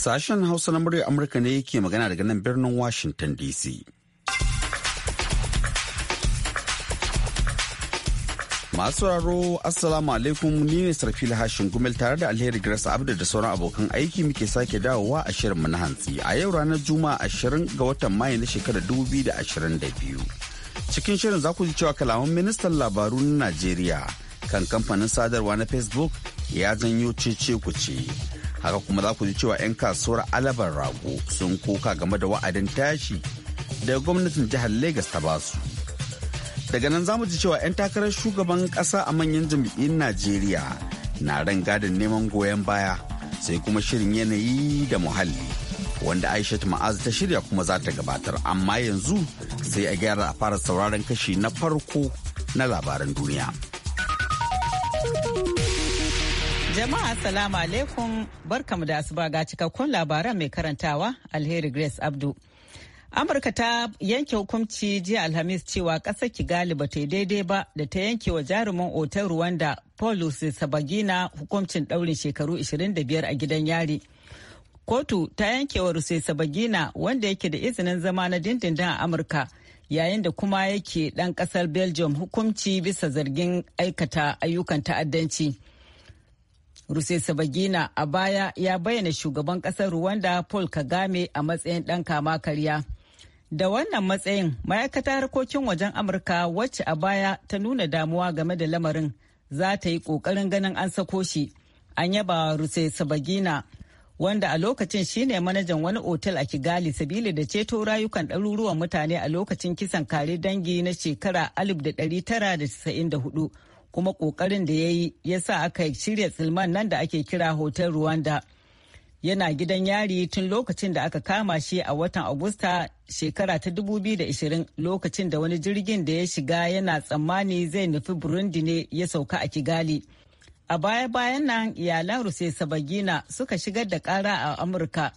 Sashen Hausa na muryar Amurka ne yake magana daga nan birnin Washington DC. Masu raro Assalamu alaikum ni ne Sarfil lahashin Gumel tare da Alheri Grace Abdu da sauran abokan aiki muke sake dawowa a shirin mu na hantsi a yau ranar Juma'a 20 ga watan Mayu na shekarar 2022. Cikin shirin za ku ji cewa kalaman ministan labaru na Najeriya kan kamfanin sadarwa na Facebook ya janyo cece ku ce. haka kuma za ku ji cewa 'yan kasuwar alabar rago sun kuka game da wa'adin tashi da gwamnatin jihar Legas ta basu. Daga nan za mu ji cewa 'yan takarar shugaban kasa a manyan jam'iyyun Najeriya na ran gadin neman goyon baya sai kuma shirin yanayi da muhalli wanda Aisha Ma'az ta shirya kuma za ta gabatar amma yanzu sai a gyara a fara sauraron kashi na farko na labaran duniya. Jama'a Assalamu alaikum barkamu da asuba ga cikakkun labaran mai karantawa alheri Grace Abdu. Amurka ta yanke hukunci jiya Alhamis cewa ƙasar Kigali ba ta daidai ba da ta yanke wa jarumin otal Rwanda Paulus Sabagina hukuncin ɗaurin shekaru 25 a gidan yari. Kotu ta yanke wa Rusai Sabagina wanda yake da izinin zama na dindindin a Amurka yayin da kuma yake ɗan ƙasar Belgium hukunci bisa zargin aikata ayyukan ta'addanci. Rusesabagina a baya ya bayyana shugaban ƙasar Rwanda Paul Kagame a matsayin ɗan kama karya. Da wannan matsayin, ma'aikatar harkokin wajen Amurka wacce a baya ta nuna damuwa game da lamarin za ta yi ƙoƙarin ganin an sako shi. An yaba Rusesabagina wanda a lokacin shine manajan wani otel a Kigali sabili da ceto rayukan ɗaruruwan mutane a lokacin kisan kare dangi na shekara 1994. kuma kokarin da ya yi ya sa aka shirya tsilman nan da ake kira hotel Rwanda. Yana gidan yari tun lokacin da aka kama shi a watan Agusta shekara ta 2020 lokacin da wani jirgin da ya shiga yana tsammani zai nufi Burundi ne ya sauka a Kigali. A baya-bayan nan iyalan sabagina suka shigar da kara a Amurka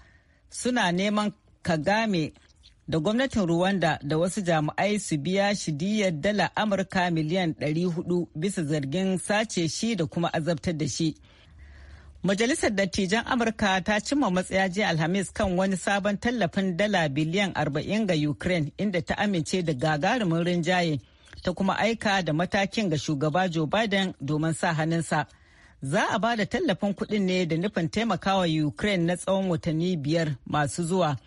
suna neman Kagame da gwamnatin Rwanda da wasu jami'ai su biya shi diyar dala Amurka miliyan 400 bisa zargin sace shi da kuma azabtar da shi. Majalisar Dattijan Amurka ta cimma matsaya jiya Alhamis kan wani sabon tallafin dala biliyan 40 ga Ukraine inda ta amince da gagarumin rinjaye ta kuma aika da matakin ga shugaba Joe Biden domin sa hannunsa. Za a ba da tallafin kuɗin ne da nufin taimakawa Ukraine na tsawon watanni biyar masu zuwa.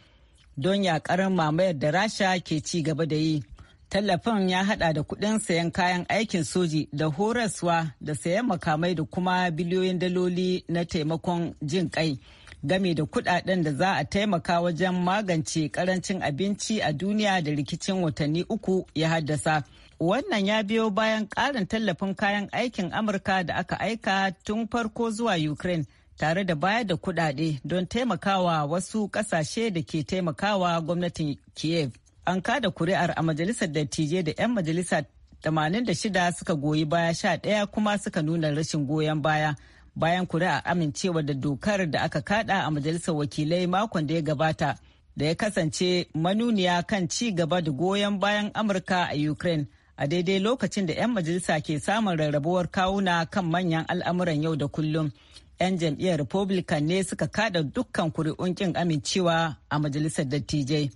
don yakar mamayar da rasha ke ci gaba da yi tallafin ya hada da kudin sayan kayan aikin soji da horaswa da sayan makamai da kuma biliyoyin daloli na taimakon jin kai game da kudaden da za a taimaka wajen magance karancin abinci a duniya da rikicin watanni uku ya haddasa wannan ya biyo bayan karin tallafin kayan aikin amurka da aka aika tun farko zuwa ukraine tare da bayar da kuɗaɗe don taimakawa wasu ƙasashe da ke taimakawa gwamnatin kiev an kada kuri'ar a majalisar dattijai da 'yan majalisa 86 suka goyi baya sha 11 kuma suka nuna rashin goyon baya bayan kuri'ar amincewa da dokar da aka kada a majalisar wakilai makon da ya gabata da ya kasance manuniya kan ci gaba da goyon bayan amurka a ukraine a daidai lokacin da 'yan majalisa ke samun rarrabuwar kawuna kan manyan al'amuran yau da kullum. 'Yan jam'iyyar Republican ne suka kada dukkan kuri'un kin amincewa a majalisar dattijai.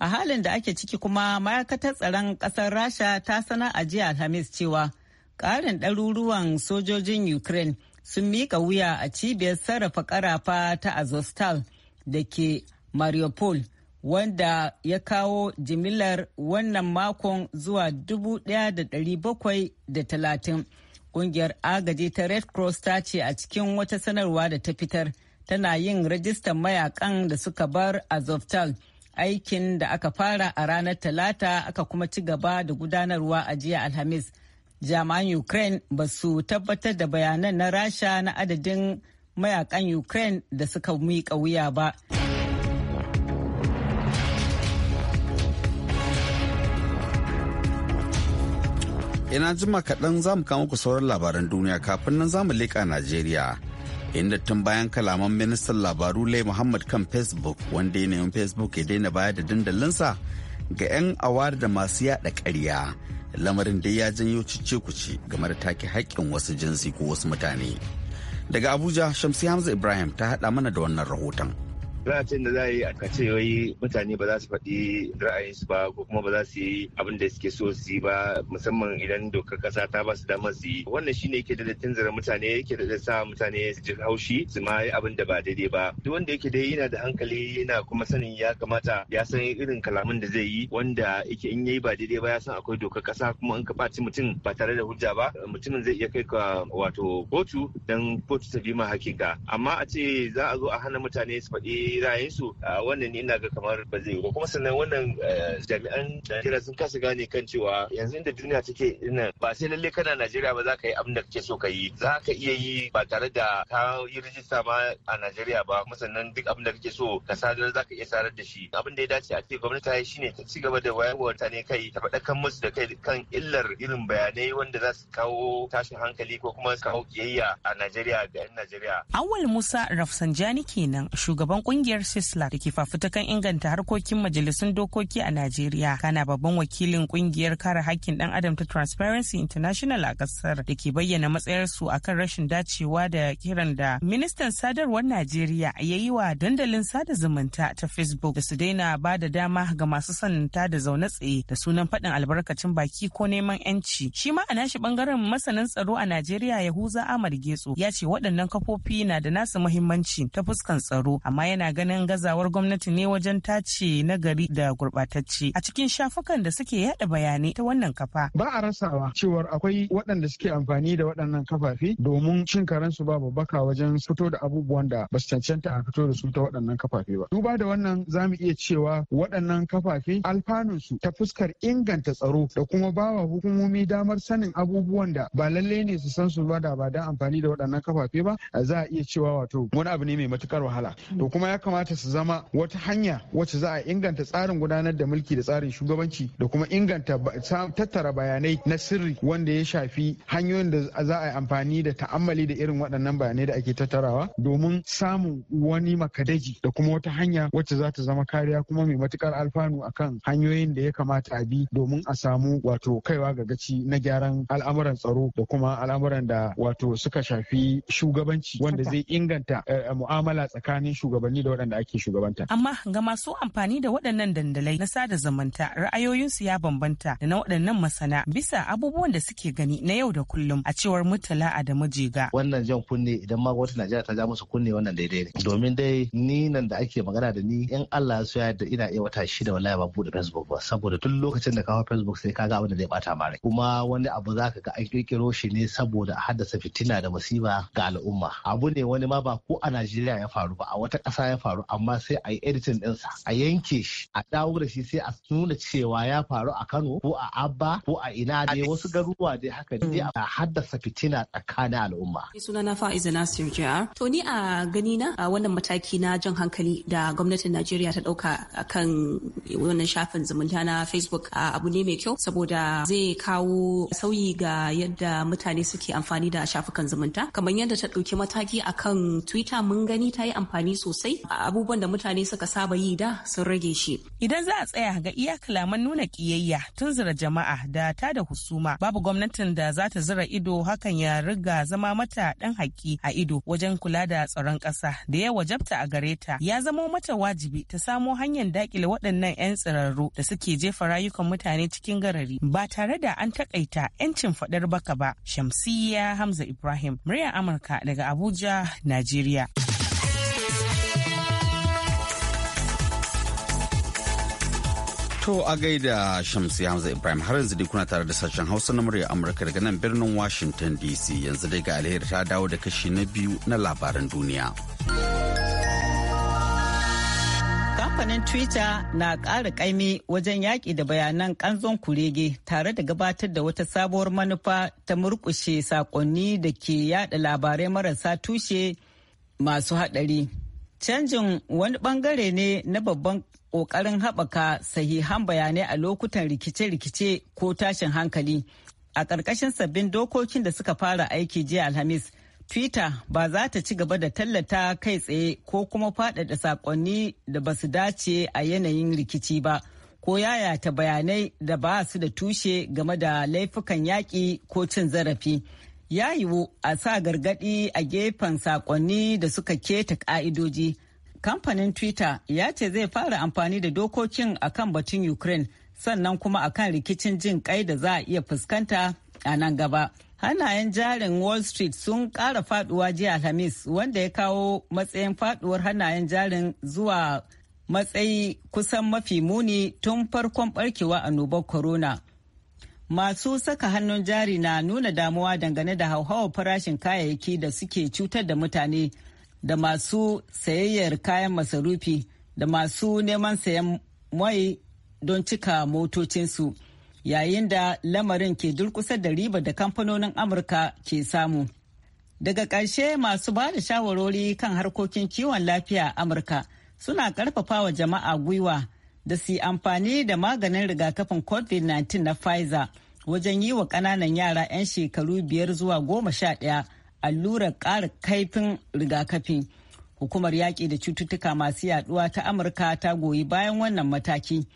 A halin da ake ciki kuma ma'aikatar tsaron ƙasar Rasha ta sana a jiya Alhamis cewa ƙarin ɗaruruwan sojojin Ukraine sun miƙa wuya a cibiyar sarrafa ƙarafa ta Azostal da ke Mariupol. wanda ya kawo jimillar wannan makon zuwa 1,730. Kungiyar agaji ta Red Cross ta ce a cikin wata sanarwa da ta fitar tana yin rajistan mayakan da suka bar a zoftal aikin da aka fara a ranar Talata aka kuma ci gaba da gudanarwa a jiya Alhamis. Jami'an Ukraine ba su tabbatar da bayanan na Rasha na adadin mayakan Ukraine da suka miƙa wuya ba. ina jima kaɗan za mu kama ku sauran labaran duniya kafin nan za mu leƙa Najeriya. Inda tun bayan kalaman ministan labaru Lai Muhammad kan Facebook wanda ya nemi Facebook ya daina bayar da dandalinsa ga 'yan awar da masu yaɗa ƙarya. Lamarin da ya janyo cece-kuce game da take haƙƙin wasu jinsi ko wasu mutane. Daga Abuja, Shamsi Hamza Ibrahim ta haɗa mana da wannan rahoton. ra'ayin da za a yi a kace wai mutane ba za su faɗi ra'ayinsu ba ko kuma ba za su yi abin da suke so su yi ba musamman idan dokar kasa ta ba su damar su yi wannan shine yake da zira mutane yake da sa mutane su ji haushi su ma yi abin da ba daidai ba duk wanda yake dai yana da hankali yana kuma sanin ya kamata ya san irin kalamin da zai yi wanda yake in yayi ba daidai ba ya san akwai dokar kasa kuma in ka ɓaci mutum ba tare da hujja ba mutumin zai iya kai ka wato kotu dan kotu ta bi ma hakika amma a ce za a zo a hana mutane su faɗi yi su a wannan ina ga kamar ba zai kuma sannan wannan eh, jami'an Najeriya sun kasa gane kan cewa yanzu inda duniya take ina ba sai lalle kana Najeriya ba za ka yi abin da kake so ka yi za ka iya yi ba tare da ka yi rijista ma a Najeriya ba kuma sannan duk abin da kake so ka sadar za ka iya sadar da shi abin da ya dace a ce gwamnati ta yi shine ta ci gaba da wayarwa ne kai ta faɗa kan musu da kai kan illar irin bayanai wanda za su kawo tashin hankali ko kuma su kawo kiyayya a Najeriya da 'yan Najeriya. Awal Musa Rafsanjani kenan shugaban kungiyar kungiyar sisla da ke fafutukan inganta harkokin majalisun dokoki a najeriya kana babban wakilin kungiyar kare hakkin dan adam ta transparency international a kasar da ke bayyana matsayarsu akan rashin dacewa da kiran da ministan sadarwar najeriya ya yi wa dandalin sada zumunta ta facebook da su daina ba da dama ga masu sananta da zaune tsaye da sunan faɗin albarkacin baki ko neman yanci shi ma a nashi bangaren masanin tsaro a najeriya yahuza ahmad getso ya ce waɗannan kafofi na da nasu muhimmanci ta fuskan tsaro amma yana ganin gazawar gwamnati ne wajen tace nagari da gurɓatacce a cikin shafukan da suke yada bayanai ta wannan kafa. Ba a rasawa cewar akwai waɗanda suke amfani da waɗannan kafafe domin cin karensu ba babbaka wajen fito da abubuwan da ba su cancanta a fito da su ta waɗannan kafafe ba. Duba da wannan za mu iya cewa waɗannan kafafe alfanunsu ta fuskar inganta tsaro da kuma bawa hukumomi damar sanin abubuwan da ba lallai ne su san su ba da ba don amfani da waɗannan kafafe ba za a iya cewa wato wani abu ne mai matukar wahala. To kuma ya kamata su zama wata hanya wacce za a inganta tsarin gudanar da mulki da tsarin shugabanci da kuma inganta tattara bayanai na sirri wanda ya shafi hanyoyin da za a yi amfani da ta'ammali da irin waɗannan bayanai da ake tattarawa domin samun wani makadaji da kuma wata hanya wacce za ta zama kariya kuma mai matukar alfanu akan hanyoyin da ya kamata a bi domin a samu wato kaiwa ga gaci na gyaran al'amuran tsaro da kuma al'amuran da wato suka shafi shugabanci wanda zai inganta eh, mu'amala tsakanin shugabanni da waɗanda ake shugabanta. Amma ga masu amfani da waɗannan dandalai na sada zumunta ra'ayoyinsu ya bambanta da na waɗannan masana bisa abubuwan da suke gani na yau da kullum a cewar Murtala Adamu Jega. Wannan jan kunne idan ma wata Najeriya ta ja musu kunne wannan daidai ne. Domin dai ni nan da ake magana da ni in Allah su ya da ina iya wata shida wallahi ba bude Facebook ba saboda tun lokacin da kawo Facebook sai ka ga abin da zai bata mare. Kuma wani abu za ka ga an kirkiro shi ne saboda a haddasa fitina da masiba ga al'umma. Abu ne wani ma ba ko a Najeriya ya faru ba a wata ƙasa ya faru amma sai a yi editing ɗinsa a yanke shi a dawo da shi sai a nuna cewa ya faru a Kano ko a Abba ko a ina dai wasu garuruwa dai haka dai a mm. haddasa fitina tsakanin al'umma. Sunana Fa'iza sir Jihar. To ni a gani na a wannan mataki na jan hankali da gwamnatin Najeriya ta ɗauka akan wannan shafin zumunta na Facebook abu ne mai kyau saboda zai kawo sauyi ga yadda mutane suke amfani da shafukan zumunta kamar yadda ta ɗauki mataki akan Twitter mun gani ta yi amfani sosai abubuwan da mutane suka saba yi da sun rage shi. Idan za a tsaya ga iya kalaman nuna kiyayya tun zira jama'a da ta da husuma babu gwamnatin da za ta zira ido hakan ya riga zama mata dan haƙi a ido wajen kula da tsaron ƙasa da ya wajabta a gare ta ya zama mata wajibi ta samo hanyar dakile waɗannan 'yan tsirarru da suke jefa rayukan mutane cikin garari ba tare da an takaita 'yancin faɗar baka ba. Shamsiyya Hamza Ibrahim, murya Amurka daga Abuja, Najeriya. To a gaida Shamsu Hamza Ibrahim har yanzu dai kuna tare da sashen Hausa na murya Amurka daga nan birnin Washington DC yanzu dai ga alheri ta dawo da kashi na biyu na labaran duniya. Kamfanin Twitter na ƙara ƙaimi wajen yaƙi da bayanan ƙanzon kurege tare da gabatar da wata sabuwar manufa ta murƙushe saƙonni da ke yada labarai marasa tushe masu haɗari. Canjin wani ɓangare ne na babban ƙoƙarin haɓaka sahihan bayanai a lokutan rikice-rikice ko tashin hankali. A ƙarƙashin sabbin dokokin da suka fara aiki jiya Alhamis, Twitter ba za ta ci gaba da tallata kai tsaye ko kuma faɗaɗa saƙonni da ba su dace a yanayin rikici ba, ko yayata bayanai da ba su da tushe game da laifukan yaƙi ko cin zarafi. Ya yiwu a sa gargaɗi a gefen saƙonni da suka keta ƙa'idoji. kamfanin twitter ya ce zai fara amfani da dokokin a kan batun ukraine sannan kuma akan rikicin jin kai da za a iya fuskanta a nan gaba hannayen jarin wall street sun ƙara faduwa jiya alhamis wanda ya kawo matsayin faduwar hannayen jarin zuwa matsayi kusan mafi muni tun farkon barkewa annobar corona masu saka hannun jari na nuna damuwa dangane da hauhawar farashin kayayyaki da suke cutar da mutane da masu sayayyar kayan masarufi da masu neman sayan mai don cika motocinsu yayin da lamarin ke durkusa da riba da kamfanonin amurka ke samu daga ƙarshe masu ba da shawarori kan harkokin kiwon lafiya a amurka suna ƙarfafa wa jama'a gwiwa da su yi amfani da maganin rigakafin covid-19 na pfizer wajen yi wa ƙananan yara 'yan shekaru biyar zuwa goma sha ɗaya allurar ƙara kaifin rigakafi. Hukumar yaƙi da cututtuka masu yaduwa ta Amurka ta goyi bayan wannan mataki.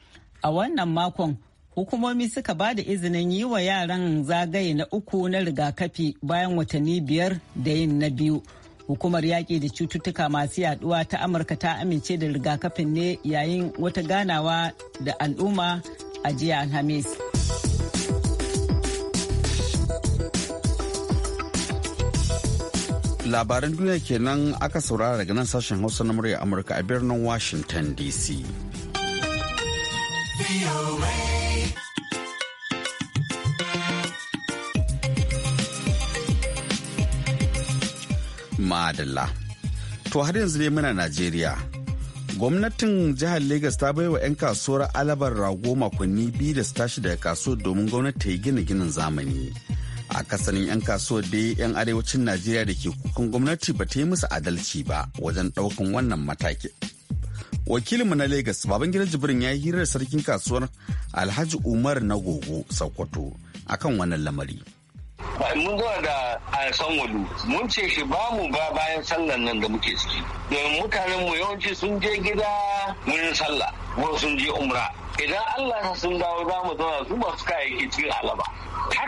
A wannan makon, hukumomi suka ba da izinin yi wa yaran zagaye na uku na rigakafi bayan watanni biyar da yin na biyu. Hukumar yaƙi da cututtuka masu yaduwa ta Amurka ta amince da rigakafin ne yayin wata ganawa da al'umma a jiya Alhamis. labaran duniya kenan aka saurara daga nan sashen hausa na murya amurka a birnin washington dc madalla to har yanzu ne muna najeriya gwamnatin jihar Legas ta baiwa 'yan kasuwar alabar rago makonni biyu da su tashi daga kasuwar domin gwamnati ta yi gina ginin zamani a kasanin 'yan kasuwar dai 'yan arewacin najeriya da ke kukan gwamnati ba ta yi musu adalci ba wajen ɗaukan wannan mataki wakilinmu na lagos babangida jibrin ya yi hirar sarkin kasuwar alhaji umar na gogo sokoto akan wannan lamari mun zuwa da a san walu mun ce shi ba mu ba bayan sallan nan da muke ciki domin mutanen mu yawanci sun je gida wurin sallah ko sun je umra idan Allah sun dawo za mu zauna su masu kayayyaki cikin alaba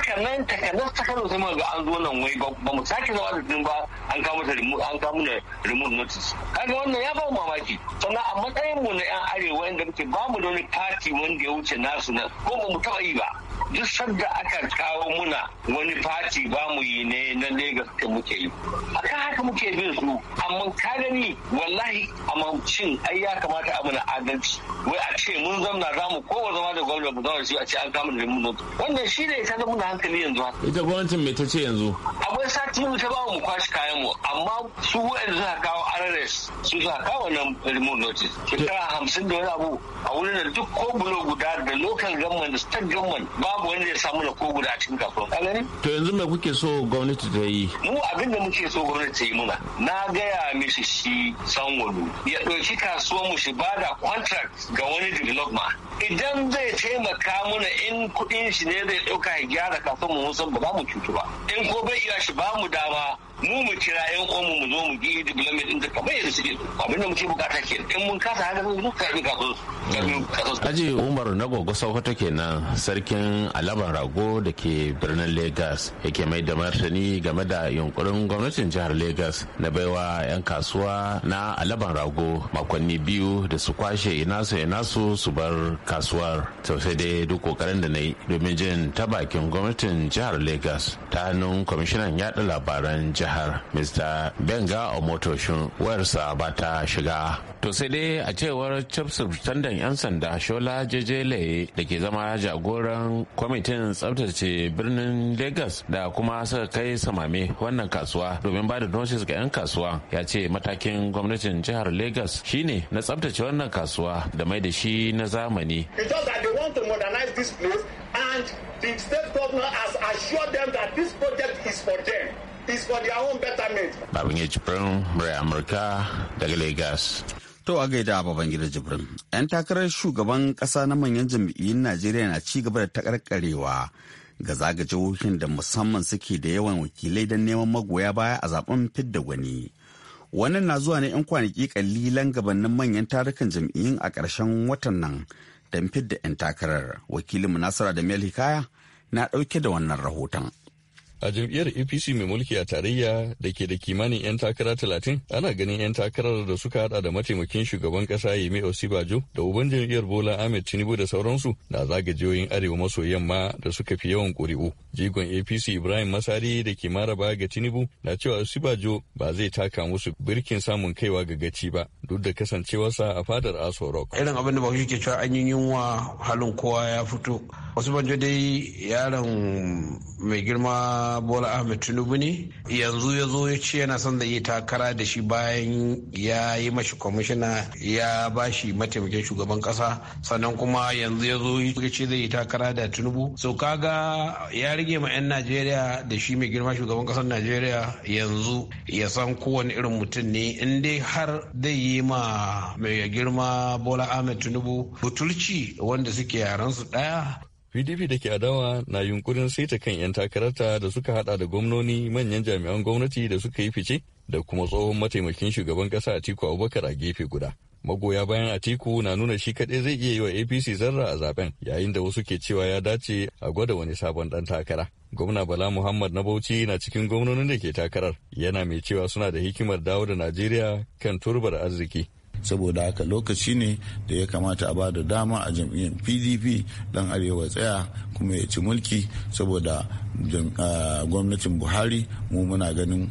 haka nan takardar ta kano sai muka ga an zo nan wai ba mu sake zama da ba an kawo mata an kawo mana remote notice kaga wannan ya ba mu mamaki sannan a matsayin mu na yan arewa inda muke ba mu da wani party wanda ya wuce nasu na ko ba mu taba yi ba duk sanda aka kawo muna wani party ba mu yi ne na Lagos da muke yi. aka haka muke bin su, amma ka gani wallahi amma cin ai ya kamata a muna adalci. Wai a ce mun zamna za ko kowa zama da gwamnati mu zama shi a ce an kama da mu Wannan shi ne ya zama muna hankali yanzu haka. Ita gwamnatin me ta ce yanzu? akwai sati mu ta ba mu kwashi kayan mu amma su waɗanda suka kawo RRS su suka kawo nan remote notice. Shekara hamsin da wani abu a wurin da duk ko bulo guda da local government da state government babu wanda ya samu da ko guda a cikin kasuwa. kalani. To yanzu me kuke so gwamnati ta yi? Mu abin da muke so gwamnati ta yi muna. Na gaya mishi shi sanwalu ya ɗauki kasuwar mu shi bada contract ga wani development idan zai taimaka mana in kudin shi ne zai ɗauka ya gyara kafin mu san ba mu cutu ba in ko bai iya shi ba mu dama mu mu kira yan uwanmu mu zo mu bi development din da kamar yadda suke abin da muke bukata ke in mun kasa haka mu ka karbi ka Aji Umar na gogo Sokoto kenan sarkin Alaban Rago da ke birnin Lagos yake mai da martani game da yunkurin gwamnatin jihar Lagos na baiwa 'yan kasuwa na Alaban Rago makonni biyu da su kwashe ina su su bar kasuwar to sai dai duk kokarin da na yi domin jin ta bakin gwamnatin jihar lagos ta hannun kwamishinan yada labaran jihar mr benga omotoshin wayarsa ba ta shiga to sai dai a cewar chief tandan yan sanda shola jejele da ke zama jagoran kwamitin tsabtace birnin lagos da kuma saka kai samame wannan kasuwa domin ba da notice ga 'yan kasuwa ya ce matakin gwamnatin jihar lagos shine na tsabtace wannan kasuwa da mai da shi na zamani yi. And the state is Babangida Jibrin, Amurka daga Lagos. To a gaida Babangida Jibrin. 'Yan takarar shugaban ƙasa na manyan jam'iyyun Najeriya na ci gaba da takarkarewa ga zaga jihohin da musamman suke da yawan wakilai don neman magoya baya a zaben fidda gwani. Wannan na zuwa ne 'yan kwanaki kalilan gabanin manyan tarukan jam'iyyun a ƙarshen watan nan don fidda 'yan takarar wakilinmu nasara da miyar hikaya na ɗauke da wannan rahoton. a jam'iyyar apc mai mulki a tarayya da ke da kimanin 'yan takara 30 ana ganin 'yan takarar da suka hada da mataimakin shugaban kasa yemi osibajo da uban jam'iyyar bola ahmed tinubu da sauransu na zagajiyoyin arewa maso yamma da suka fi yawan ƙuri'u jigon apc ibrahim masari da ke maraba ga tinubu na cewa osibajo ba zai taka musu birkin samun kaiwa ga gaci ba duk da kasancewarsa a fadar aso rock irin abin da ba ke cewa an yi yunwa halin kowa ya fito wasu osibajo dai yaron mai girma bola ahmed tinubu ne yanzu ya zo ya ce yana son da yi takara da shi bayan ya yi mashi kwamishina ya ba shi mataimakin shugaban kasa sannan kuma yanzu ya zo ya ce zai yi takara da tinubu so kaga ya rage ma 'yan najeriya da shi mai girma shugaban kasar najeriya yanzu ya san kowane irin mutum ne in dai har zai yi ma mai girma bola ahmed tinubu butulci wanda suke yaransu ɗaya. pdp da ke adawa na yunkurin saita kan 'yan takararta da suka hada da gwamnoni manyan jami'an gwamnati da suka yi fice da kuma tsohon mataimakin shugaban kasa tiku abubakar a gefe guda magoya bayan a tiku na nuna shi kaɗai zai iya yi wa apc zarra a zaben yayin da wasu ke cewa ya dace a gwada wani sabon ɗan takara gwamna bala muhammad na bauchi na cikin gwamnonin da ke takarar yana mai cewa suna da hikimar dawo da najeriya kan turbar arziki saboda haka lokaci ne da ya kamata a ba da dama a jam'iyyar pdp don arewa tsaya kuma ya ci mulki saboda gwamnatin buhari mu muna ganin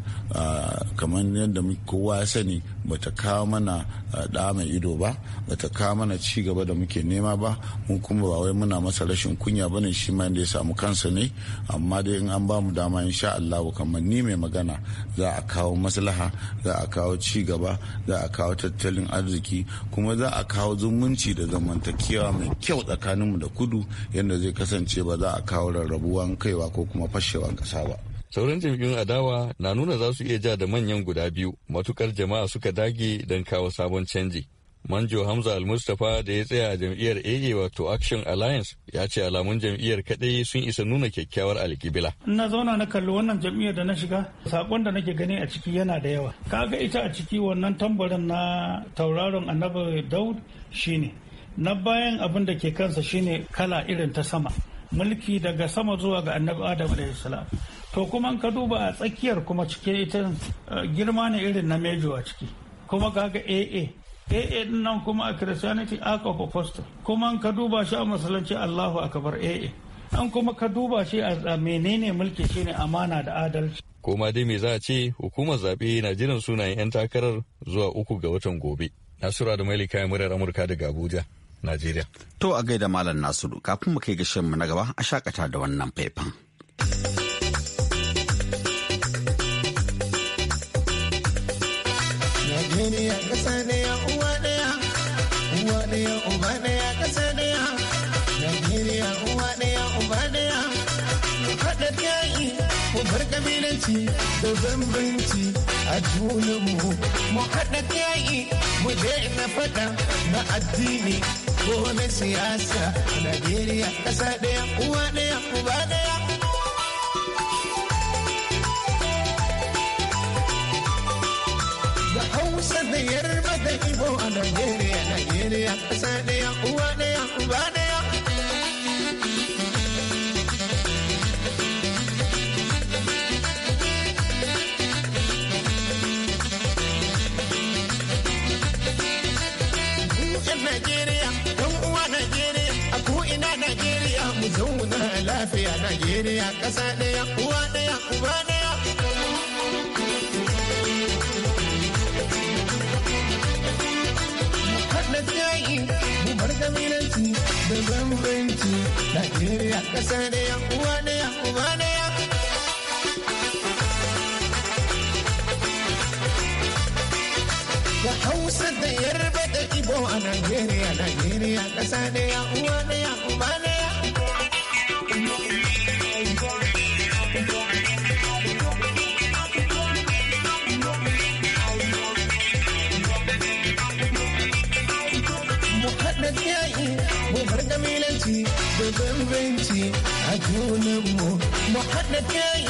kamar yadda kowa ya sani bata kawo mana da mai ido ba bata kawo mana ci gaba da muke nema ba mu kuma ba wai muna masa rashin kunya bane shi ma da ya samu kansa ne amma dai in an ba mu dama insha Allah kamar ni mai magana za a kawo maslaha za a kawo ci gaba za a kawo tattalin arziki kuma za a kawo zumunci da zamantakewa mai kyau tsakaninmu da kudu yadda zai kasance ce ba za a kawo rarrabuwan kaiwa ko kuma fashewan ƙasa ba. sauran jam'iyyun adawa na nuna za su iya ja da manyan guda biyu matukar jama'a suka dage don kawo sabon canji manjo hamza al-mustapha da ya tsaya a jam'iyyar aa wato action alliance ya ce alamun jam'iyyar kadai sun isa nuna kyakkyawar alkibila na zauna na kalli wannan jam'iyyar da na shiga sakon da nake gani a ciki yana da yawa kaga ita a ciki wannan tambarin na tauraron annabi daud shine na bayan abin da ke kansa shine kala irin ta sama mulki daga sama zuwa ga annabi adam salam to kuma ka duba a tsakiyar kuma cikin ita eh, girma ne irin na mejo a ciki kuma kaga aa aa din nan kuma a christianity ark of apostle kuma ka duba shi a musulunci allahu akbar aa an kuma ka duba shi a menene mulki shine amana da adalci koma dai me za a ce hukumar zaɓe na jiran sunayen 'yan takarar zuwa uku ga watan gobe nasura da mailika murar amurka daga abuja Najeriya. To a gaida Malam Nasiru kafin mu kai gashin mu na gaba a shakata da wannan faifan. Najeriya ƙasa ɗaya uwa ɗaya, uwa ɗaya uba ɗaya ƙasa ɗaya. Najeriya uwa ɗaya uba ɗaya, mu haɗa yayi mu bar ƙabilanci da bambanci a junanmu. Mu haɗa yayi mu daina faɗa na addini gobe siyasa Najeriya ƙasa ɗaya uwa ɗaya uba ɗaya. Da Hausa da Yarba da Ibo a Najeriya, Najeriya ƙasa ɗaya uwa ɗaya uba Najeriya ƙasa ɗaya uwa ɗaya uba ɗaya. Haɗa jayi mu bar kabilanci da bambanci Najeriya ƙasa ɗaya uwa ɗaya uba ɗaya. Da Hausa da Yarba da Ibo a Najeriya, Najeriya ƙasa ɗaya uwa ɗaya uba ɗaya. gaskiya yi mu bar kabilanci da bambanci a junanmu mu haɗa kai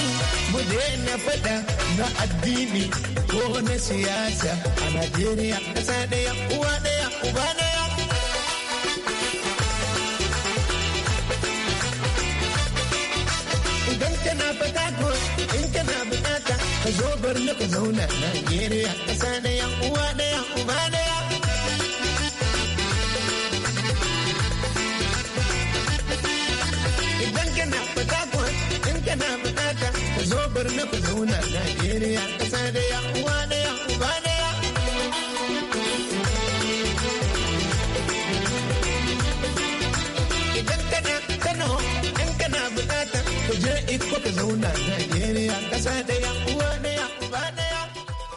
mu daina faɗa na addini ko na siyasa a Najeriya ƙasa ɗaya uwa ɗaya uba ɗaya. Idan kana fata ko in kana bukata ka zo bar na ka zauna Najeriya ƙasa ɗaya uwa ɗaya uba ɗaya. kana bukata ka zo bar na ku zauna Najeriya kasa da ya uwa da ya uba da ya. Idan kana Kano kana bukata ku je iko ka zauna Najeriya kasa da ya uwa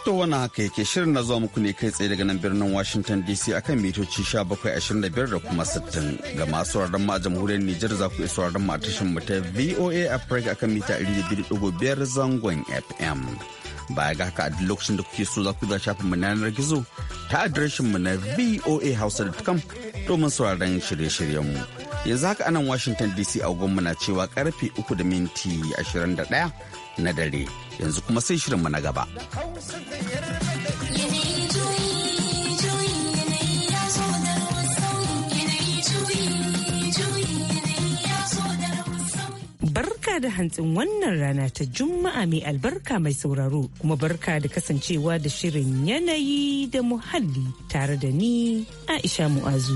To wani haka yake shirin na zuwa muku ne kai tsaye daga nan birnin Washington DC akan mitoci 1725 da kuma 60 ga masu wararren ma a jamhuriyar Nijar za ku iya wararren ma a tashin mu ta VOA Africa akan mita 200.5 zangon FM. Baya ga haka a duk lokacin da kuke so za ku za shafin mu na yanar gizo ta adireshin mu na voahausa.com domin sauraron shirye-shiryen mu. Yanzu haka anan Washington DC a na cewa karfe uku da minti 21 na dare yanzu kuma sai shirinmu na gaba. barka da hantsin wannan rana ta juma'a mai albarka mai sauraro kuma barka da kasancewa da shirin yanayi da muhalli tare da ni aisha mu'azu.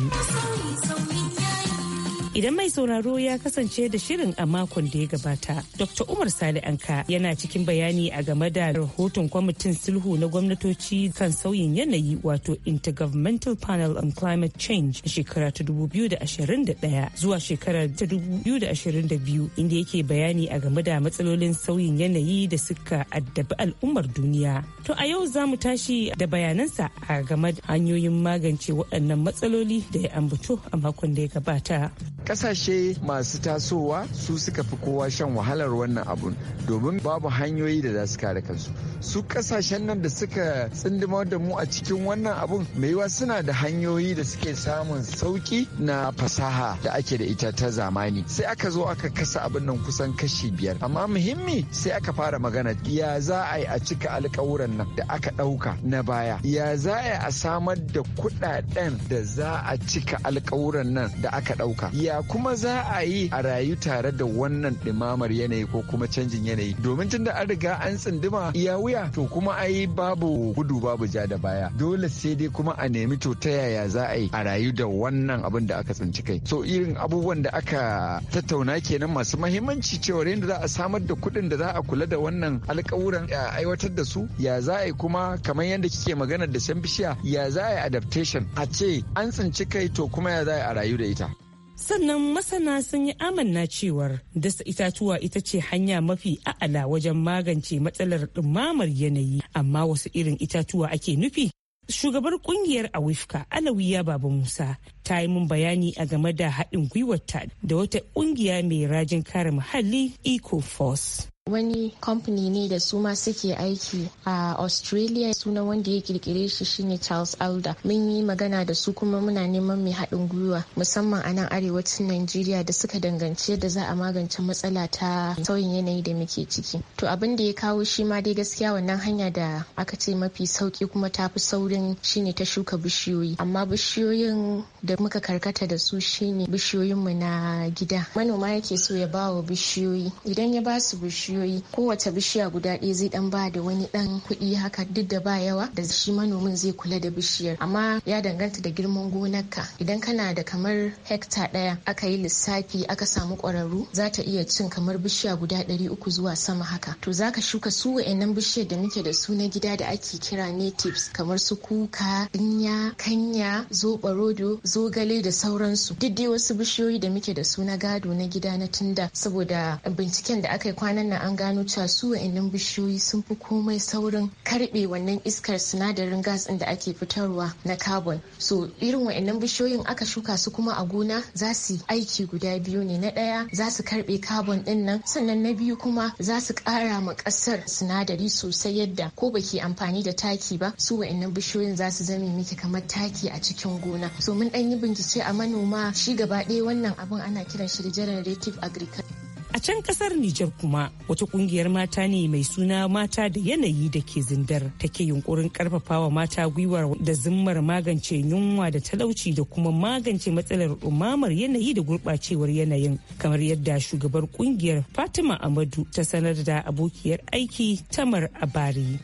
idan mai sauraro ya kasance da shirin a makon da ya gabata dr umar sale anka yana cikin bayani a game da rahoton kwamitin sulhu na gwamnatoci kan sauyin yanayi wato intergovernmental panel on climate change a shekara ta 2021 zuwa shekara ta 2022 inda yake bayani a game da matsalolin sauyin yanayi da suka addabi al'ummar duniya to a yau za mu tashi da bayanansa a game da hanyoyin magance waɗannan matsaloli da ya ambato a makon da ya gabata kasashe masu tasowa su suka fi kowa shan wahalar wannan abun domin babu hanyoyi da za su kare kansu su kasashen nan da suka tsindima da mu a cikin wannan abun mai yiwa suna da hanyoyi da suke samun sauki na fasaha da ake da ita ta zamani sai aka zo aka kasa abin nan kusan kashi biyar amma muhimmi sai aka fara magana ya za a yi a cika alkawuran nan da aka ɗauka na baya ya za a yi a samar da kuɗaɗen da za a cika alkawuran nan da aka ɗauka ya kuma za a yi a rayu tare da wannan ɗimamar yanayi ko kuma canjin yanayi domin tun da an riga an tsinduma iya wuya to kuma ai babu gudu babu ja da baya dole sai dai kuma a nemi to ta yaya za a yi a rayu da wannan abin da aka tsinci kai so irin abubuwan da aka tattauna kenan masu mahimmanci cewa yadda za a samar da kuɗin da za a kula da wannan alƙawuran a aiwatar da su ya za a yi kuma kamar yadda kike magana da shan bishiya ya za a yi adaptation a ce an tsinci kai to kuma ya za a yi a rayu da ita sannan masana sun yi amanna cewar dasa itatuwa ita ce hanya mafi a'ala wajen magance matsalar ɗumamar yanayi amma wasu irin itatuwa ake nufi shugabar kungiyar awifka alawiya baba musa ta yi mun bayani a game da haɗin gwiwarta da wata kungiya mai rajin kare muhalli eco force wani kamfani ne da su ma suke aiki a australia sunan wanda ya kirkire shi shine charles alda mun yi magana da su kuma muna neman mai haɗin gwiwa musamman a nan arewacin nigeria da suka danganci yadda za a magance matsala ta sauyin yanayi da muke ciki to abin da ya kawo shi ma dai gaskiya wannan hanya da aka ce mafi sauki kuma tafi saurin shine ta shuka bishiyoyi amma bishiyoyin da muka karkata da su shine bishiyoyinmu na gida manoma yake so ya ba wa bishiyoyi idan ya ba su bishiyoyi kowace bishiya guda ɗaya zai dan ba da wani dan kuɗi haka duk da ba yawa da shi manomin zai kula da bishiyar amma ya danganta da girman gonarka idan kana da kamar hekta ɗaya aka yi lissafi aka samu ƙwararru za ta iya cin kamar bishiya guda ɗari uku zuwa sama haka to za ka shuka su wa'annan bishiyar da muke da su na gida da ake kira natives kamar su kuka dinya kanya zoɓarodo zogale da sauransu duk dai wasu bishiyoyi da muke da su na gado na gida na tunda saboda binciken da aka yi kwanan nan an gano cewa su wa'annan bishiyoyi sun fi komai saurin karbe wannan iskar sinadarin gas da ake fitarwa na carbon so irin wa'annan bishiyoyin aka shuka su kuma a gona za su aiki guda biyu ne na ɗaya za su karbe carbon din nan sannan na biyu kuma za su ƙara ma ƙasar sinadari sosai yadda ko baki amfani da taki ba su wa'annan bishiyoyin za su zame miki kamar taki a cikin gona so mun an yi bincike a manoma shi gaba ɗaya wannan abin ana kiran shi da generative agriculture A can kasar Nijar kuma wata kungiyar mata ne mai suna mata da yanayi da ke zindar take yunkurin karfafawa mata gwiwar da zimmar magance yunwa da talauci da kuma magance matsalar umamar yanayi da gurɓacewar yanayin kamar yadda shugabar kungiyar Fatima Amadu ta sanar da abokiyar aiki Tamar Abari.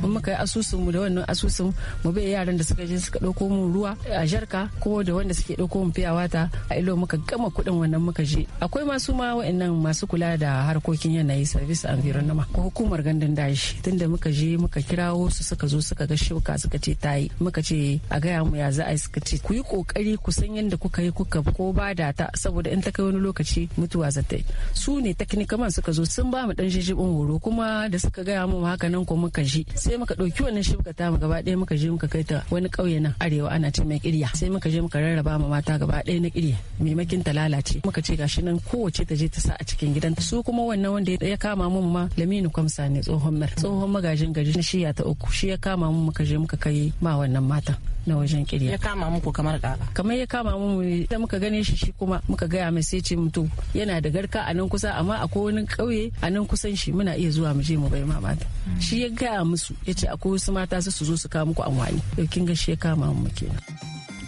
mun muka yi asusun mu da wannan asusun mu bai yaran da suka je suka dauko mu ruwa a jarka ko da wanda suke dauko mu fiya wata a ilo muka gama kuɗin wannan muka je akwai masu ma wa'annan masu kula da harkokin yanayi service environment ko hukumar gandun daji tunda muka je muka kirawo su suka zo suka ga shuka suka ce tayi muka ce a gaya mu ya za a yi suka ce ku yi kokari ku san yadda kuka yi kuka ko ba da ta saboda in ta kai wani lokaci mutuwa za ta yi su ne technical man suka zo sun ba mu dan jijibin horo kuma da suka gaya mu haka nan ko muka je. sai muka ɗauki wannan shi ta mu gaba ɗaya muka je muka kai ta wani ƙauye nan arewa ana ce mai ƙirya sai muka je muka rarraba ma mata gaba ɗaya na ƙirya maimakin ta lalace muka ce gashi nan kowace ta je ta sa a cikin gidanta su kuma wannan wanda ya kama mun ma laminu kwamsa ne tsohon mar tsohon magajin gari na shiya ta uku shi ya kama mun muka je muka kai ma wannan mata. na wajen kirya ya kama muku kamar kaka kamar ya kama mu da muka gane shi shi kuma muka gaya mai sai ce mutu yana da garka a nan kusa amma akwai wani kauye a nan kusan shi muna iya zuwa mu je mu bai mamata shi ya gaya musu ya ce akwai wasu mata su zo su kawo muku amfani kin ga shi ya kama mu kenan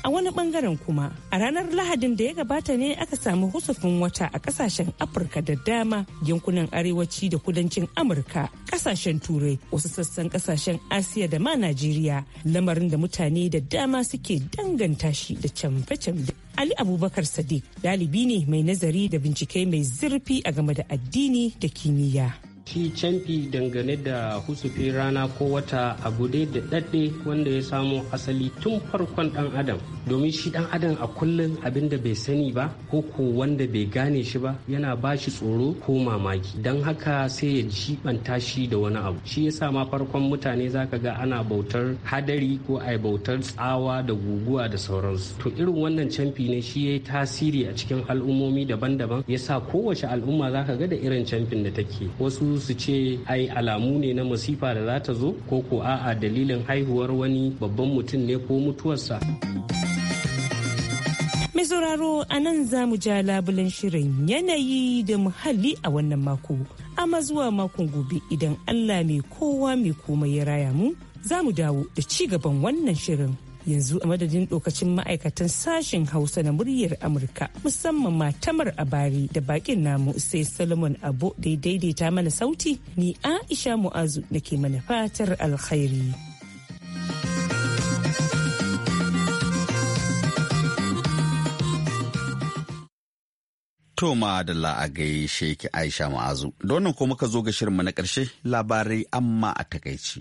a wani bangaren kuma a ranar lahadin da ya gabata ne aka samu husufin wata a kasashen afirka da dama yankunan arewaci da kudancin amurka kasashen turai wasu sassan kasashen asiya da ma najeriya lamarin da mutane da dama suke danganta shi da camfe-camfe Ali Abubakar Sadiq dalibi ne mai nazari da bincike mai zurfi a game da addini da kimiyya. shi canfi dangane da husufi rana ko wata abu dai da ɗaɗɗe wanda ya samo asali tun farkon ɗan adam domin shi ɗan adam a kullum abin da bai sani ba ko ko wanda bai gane shi ba yana ba shi tsoro ko mamaki don haka sai ya jibanta shi da wani abu shi yasa ma farkon mutane zaka ga ana bautar hadari ko a bautar tsawa da guguwa da sauransu to irin wannan canfi ne shi ya yi tasiri a cikin al'ummomi daban-daban Ya yasa kowace al'umma zaka ga da irin canfin da take wasu su ce ai alamu ne na masifa da za ta zo ko ko a'a dalilin haihuwar wani babban mutum ne ko mutuwarsa. Mai sauraro a nan za mu ja labulen shirin yanayi da muhalli a wannan mako. Amma zuwa makon gobe idan Allah mai kowa mai komai ya raya mu, za mu dawo da ci gaban wannan shirin. yanzu a madadin dokacin ma'aikatan sashen hausa na muryar amurka musamman matamar bari da bakin namu sai solomon abu da daidaita mana sauti ni aisha mu'azu da ke mana fatar alkhairi toma da a sheki Aisha Ma'azu. Donan ko muka zo ga shirinmu na ƙarshe labarai amma a takaici.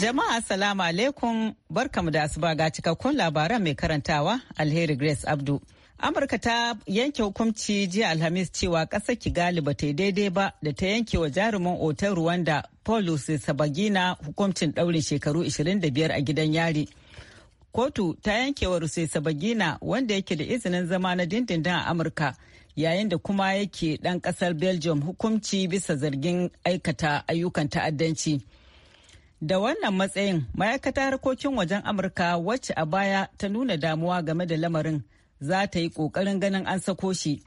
Jama'a salamu alaikum barkamu da asuba ga cikakkun labaran mai karantawa Alheri Grace Abdu. Amurka ta yanke hukumci jiya Alhamis cewa ƙasar Kigali ba ta daidai ba da ta yanke wa jarumin otal Rwanda Paulus Sabagina hukuncin ɗaurin shekaru 25 a gidan yari. Kotu ta yanke wa Rusai Sabagina wanda yake da izinin zama na dindindin a Amurka yayin da kuma yake ɗan ƙasar Belgium hukumci bisa zargin aikata ayyukan ta'addanci. Da wannan matsayin, ma'aikatar harkokin wajen Amurka wacce a baya ta nuna damuwa game da lamarin za ta yi ƙoƙarin ganin an sako shi.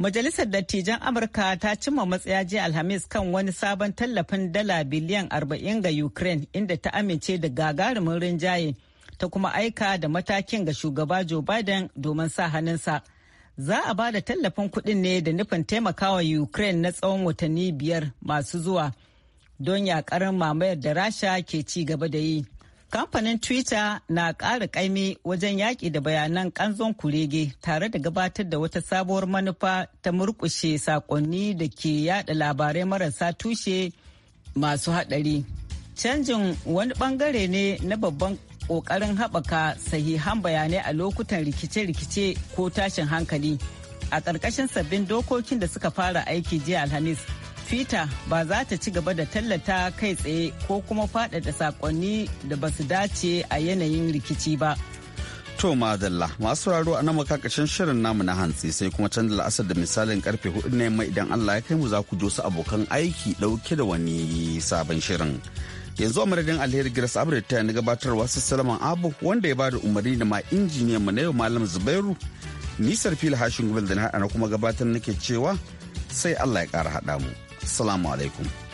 Majalisar Dattijan Amurka ta cimma matsaya jiya Alhamis kan wani sabon tallafin dala biliyan 40 ga Ukraine inda ta amince da gagarumin rinjaye ta kuma aika da matakin ga shugaba Joe Biden domin sa hannunsa. Za a ba da tallafin kuɗin ne da nufin taimakawa Ukraine na tsawon watanni biyar masu zuwa don yakar mamayar da rasha ke ci gaba da yi kamfanin twitter na ƙara ƙaimi wajen yaƙi da bayanan ƙanzon kurege tare da gabatar da wata sabuwar manufa ta murƙushe saƙonni da ke yada labarai marasa tushe masu haɗari canjin wani ɓangare ne na babban ƙoƙarin haɓaka sahihan bayanai a lokutan rikice-rikice ko tashin hankali a ƙarƙashin sabbin dokokin da suka fara aiki jiya alhamis fita ba za ta ci gaba da tallata kai tsaye ko kuma faɗaɗa sakonni da ba su dace a yanayin rikici ba. To madalla masu raro a nama kakashin shirin namu na hantsi sai kuma canza la'asar da misalin karfe hudu ne yamma idan Allah ya kai mu za ku su abokan aiki dauke da wani sabon shirin. Yanzu a madadin alheri Grace Abdul ta ni gabatarwa su Salaman Abu wanda ya ba da umarni da ma injiniyan mu na yau Malam Zubairu. Nisar fil hashin gubal da na kuma gabatar nake cewa sai Allah ya kara haɗa mu. assalamu alaikum.